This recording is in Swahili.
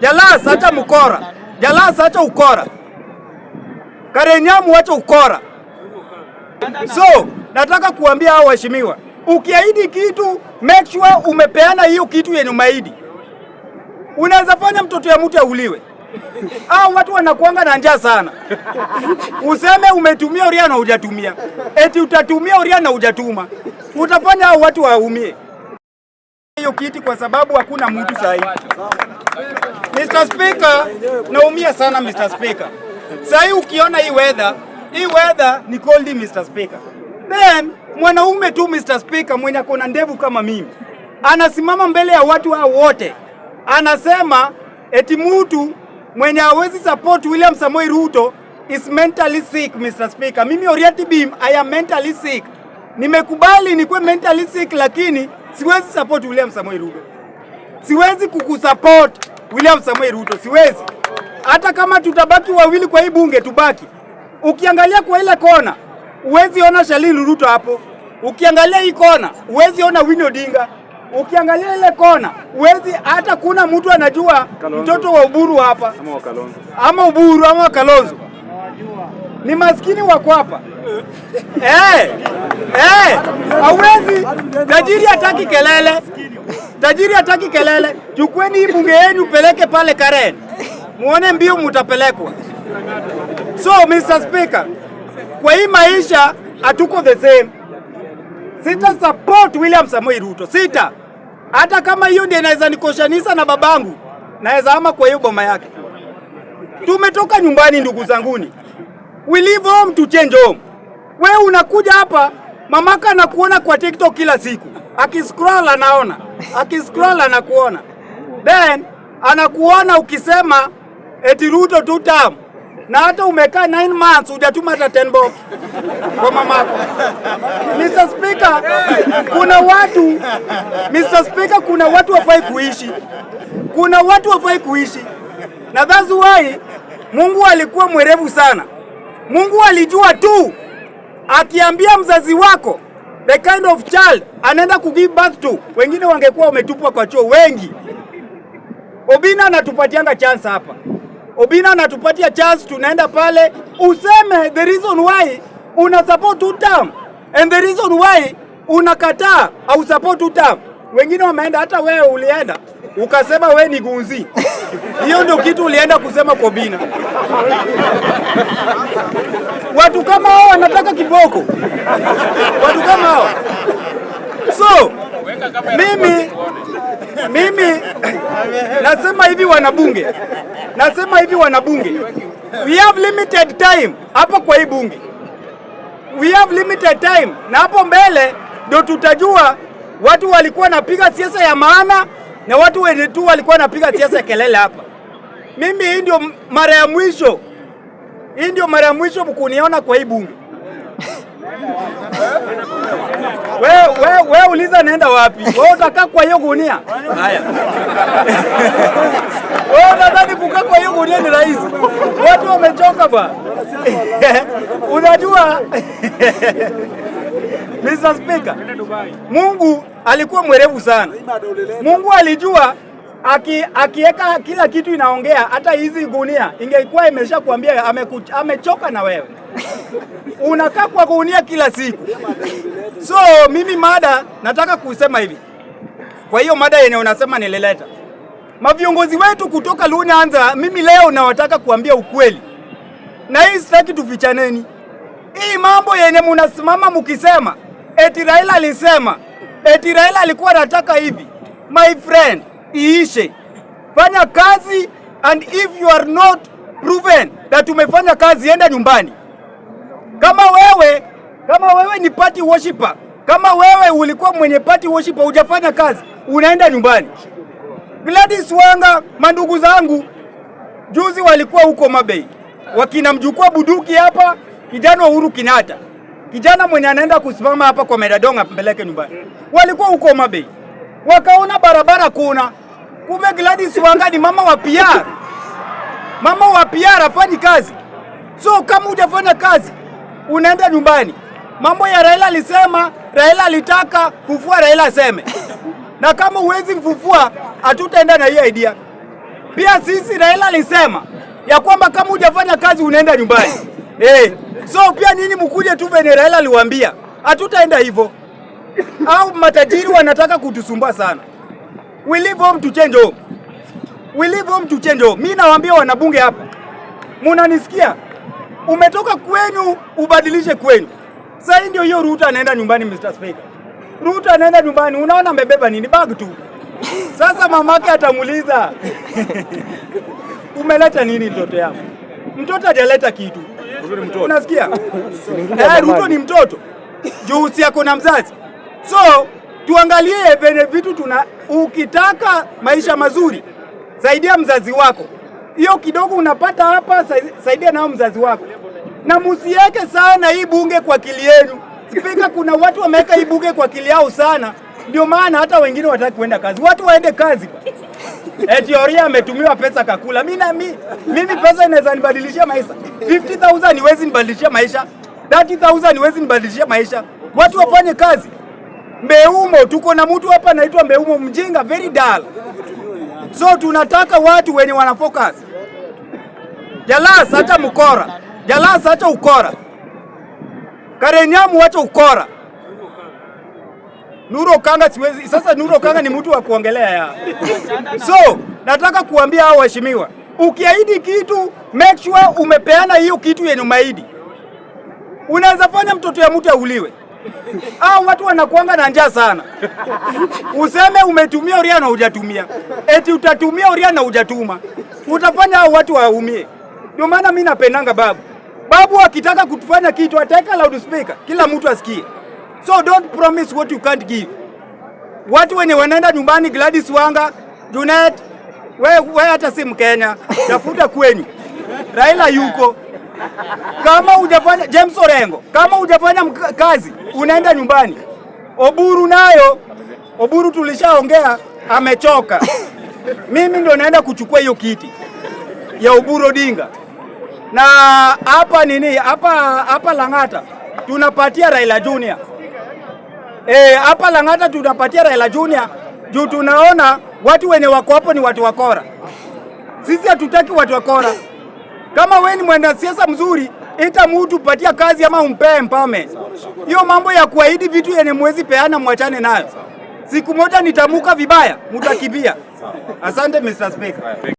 Jalasa acha mkora, Jalasa acha ukora, Karenyamu acha ukora. So nataka kuambia hao waheshimiwa, ukiahidi kitu make sure umepeana hiyo kitu yenye umeahidi. Unaweza fanya mtoto ya mtu auliwe au watu wanakuanga na njaa sana, useme umetumia uria na hujatumia, eti utatumia uria na hujatuma, utafanya hao watu waumie. Hiyo kiti kwa sababu hakuna mtu sahi. Mr. Speaker, naumia sana Mr. Speaker. Sahi ukiona hii weather, hii weather ni cold Mr. Speaker. Then mwanaume tu Mr. Speaker mwenye akona ndevu kama mimi anasimama mbele ya watu hao wote anasema eti mtu mwenye hawezi support William Samoei Ruto is mentally sick Mr. Speaker. Mimi Oriati Bim, I am mentally sick. Nimekubali nikuwe mentally sick lakini Siwezi support William Samoei Ruto, siwezi kukusupport William Samoei Ruto, siwezi. Hata kama tutabaki wawili kwa hii bunge, tubaki. Ukiangalia kwa ile kona, uwezi ona Shalini Ruto hapo. Ukiangalia hii kona, uwezi ona Winnie Odinga. Ukiangalia ile kona, uwezi hata kuna mtu anajua Kalonzo, mtoto wa Uburu hapa ama ama Uburu ama Kalonzo ni maskini wako hapa eh, eh, hauwezi. Tajiri hataki kelele, tajiri hataki kelele. Chukweni hii bunge yenu peleke pale Karen, muone mbio mutapelekwa. So Mr. Speaker, kwa hii maisha hatuko the same. Sita support William Samoei Ruto, sita hata kama hiyo ndio inaweza nikoshanisa na babangu, naweza ama kwa hiyo boma yake. Tumetoka nyumbani, ndugu zanguni. We live home to change home. We unakuja hapa, mamaka anakuona kwa TikTok kila siku, akiscroll anaona, akiscroll anakuona, then anakuona ukisema eti Ruto na hata umekaa 9 months hujatuma hata ten bob kwa mamako. Mr. Speaker, kuna watu Mr. Speaker, kuna watu wafai kuishi, kuna watu wafai kuishi, na that's why Mungu alikuwa mwerevu sana Mungu alijua tu akiambia mzazi wako the kind of child anaenda give birth to, wengine wangekuwa wametupwa kwa choo wengi. Obina anatupatianga chance hapa, Obina anatupatia chance, tunaenda pale useme the reason why una support utam and the reason why unakataa au support utam wengine wameenda, hata wewe ulienda ukasema wewe ni gunzi. Hiyo ndio kitu ulienda kusema kwa bina Watu kama hao wanataka kiboko, watu kama hao. So mimi mimi nasema hivi wanabunge, nasema hivi wanabunge, we have limited time hapa kwa hii bunge, we have limited time, na hapo mbele ndio tutajua watu walikuwa napiga siasa ya maana na watu wenye tu walikuwa napiga siasa kelele hapa. Mimi hii ndio mara ya mwisho, hii ndio mara ya mwisho mkuniona kwa hii bunge. Wewe we, we, uliza nenda wapi? Wewe utakaa kwa hiyo gunia? Haya. Wewe unadhani kukaa kwa hiyo gunia ni rahisi? Watu wamechoka ba Unajua Mr. Speaker, Mungu alikuwa mwerevu sana. Mungu alijua aki, akiweka kila kitu inaongea, hata hizi gunia ingekuwa imesha kuambia amechoka na wewe unakaa kwa gunia kila siku. So mimi mada nataka kusema hivi, kwa hiyo mada yenye unasema nilileta maviongozi wetu kutoka lunanza mimi leo nawataka kuambia ukweli, na hii sitaki tufichaneni. Hii mambo yenye munasimama mukisema Eti Raila alisema, eti Raila alikuwa anataka hivi. My friend, iishe. Fanya kazi and if you are not proven that umefanya kazi, enda nyumbani. Kama wewe, kama wewe ni party worshiper, kama wewe ulikuwa mwenye party worshiper hujafanya kazi, unaenda nyumbani. Gladys Wanga, mandugu zangu, juzi walikuwa huko Mabei wakina Buduki hapa kijana Uhuru Kinyatta kijana mwenye anaenda kusimama hapa kwa Meradong mpeleke nyumbani. Walikuwa huko Mabei, wakaona barabara kuna kumbe, Gladys Wanga ni mama wa PR, mama wa PR afanye kazi. So kama hujafanya kazi unaenda nyumbani. Mambo ya Raila alisema, Raila alitaka fufua Raila aseme na kama huwezi mfufua, hatutaenda na hiyo idea. Pia sisi Raila alisema ya kwamba kama hujafanya kazi unaenda nyumbani eh. So pia nini mkuje tu venye Raila aliwaambia, hatutaenda hivyo. Au matajiri wanataka kutusumbua sana. We live home to change home. We live home to change home. Mimi nawaambia wanabunge hapa, munanisikia? Umetoka kwenu ubadilishe kwenu. Sasa ndio hiyo Ruto anaenda nyumbani, Mr. Speaker. Ruto anaenda nyumbani, unaona amebeba nini? Bag tu. Sasa mamake atamuliza umeleta nini mtoto yako? Mtoto hajaleta kitu unasikia? Eh, Ruto ni mtoto juhusi yako na mzazi, so tuangalie venye vitu tuna. Ukitaka maisha mazuri, saidia mzazi wako, hiyo kidogo unapata hapa, saidia nao mzazi wako, na musiweke sana hii bunge kwa akili yenu. Spika, kuna watu wameweka hii bunge kwa akili yao sana, ndio maana hata wengine wataki kuenda kazi. Watu waende kazi. Eti eh, Oria ametumiwa pesa kakula. Mimi na mimi, mimi pesa inaweza nibadilishia maisha. 50,000 niwezi nibadilishia maisha. 30,000 niwezi nibadilishia maisha. Watu wafanye kazi. Mbeumo, tuko na mtu hapa anaitwa Mbeumo mjinga, very dull. So tunataka watu wenye wana focus. Jalasa acha mkora. Jalasa acha ukora. Karenyamu acha ukora. Nuru Kanga siwezi sasa. Nuru Kanga ni mtu wa kuongelea ya. So nataka kuambia hao waheshimiwa, ukiahidi kitu make sure umepeana hiyo kitu yenye umeahidi. Unaweza fanya mtoto ya mtu auliwe au watu wanakuanga na njaa sana, useme umetumia uria na hujatumia, eti utatumia uria na hujatuma, utafanya hao watu waumie. Ndio maana mimi napendanga babu. Babu akitaka kutufanya kitu ataweka loudspeaker, kila mtu asikie. So don't promise what you can't give. Watu wenye wanaenda nyumbani Gladys Wanga, Junet, wewe we hata si Mkenya, tafuta kwenyu. Raila yuko. Kama ujafanya, James Orengo, kama ujafanya kazi unaenda nyumbani. Oburu nayo, Oburu tulishaongea amechoka. Mimi ndo naenda kuchukua hiyo kiti ya Oburu Odinga. Na hapa nini? Hapa hapa Lang'ata tunapatia Raila Junior. Eh, hapa Lang'ata tunapatia Raila Junior juu tunaona watu wenye wako hapo ni watu wakora. Sisi hatutaki watu wakora. Kama wewe ni mwanasiasa mzuri, ita mtu patia kazi ama umpee mpame. Hiyo mambo ya kuahidi vitu yenye mwezi peana, mwachane nayo. Siku moja nitamuka vibaya, mtakibia. Asante Mr. Speaker.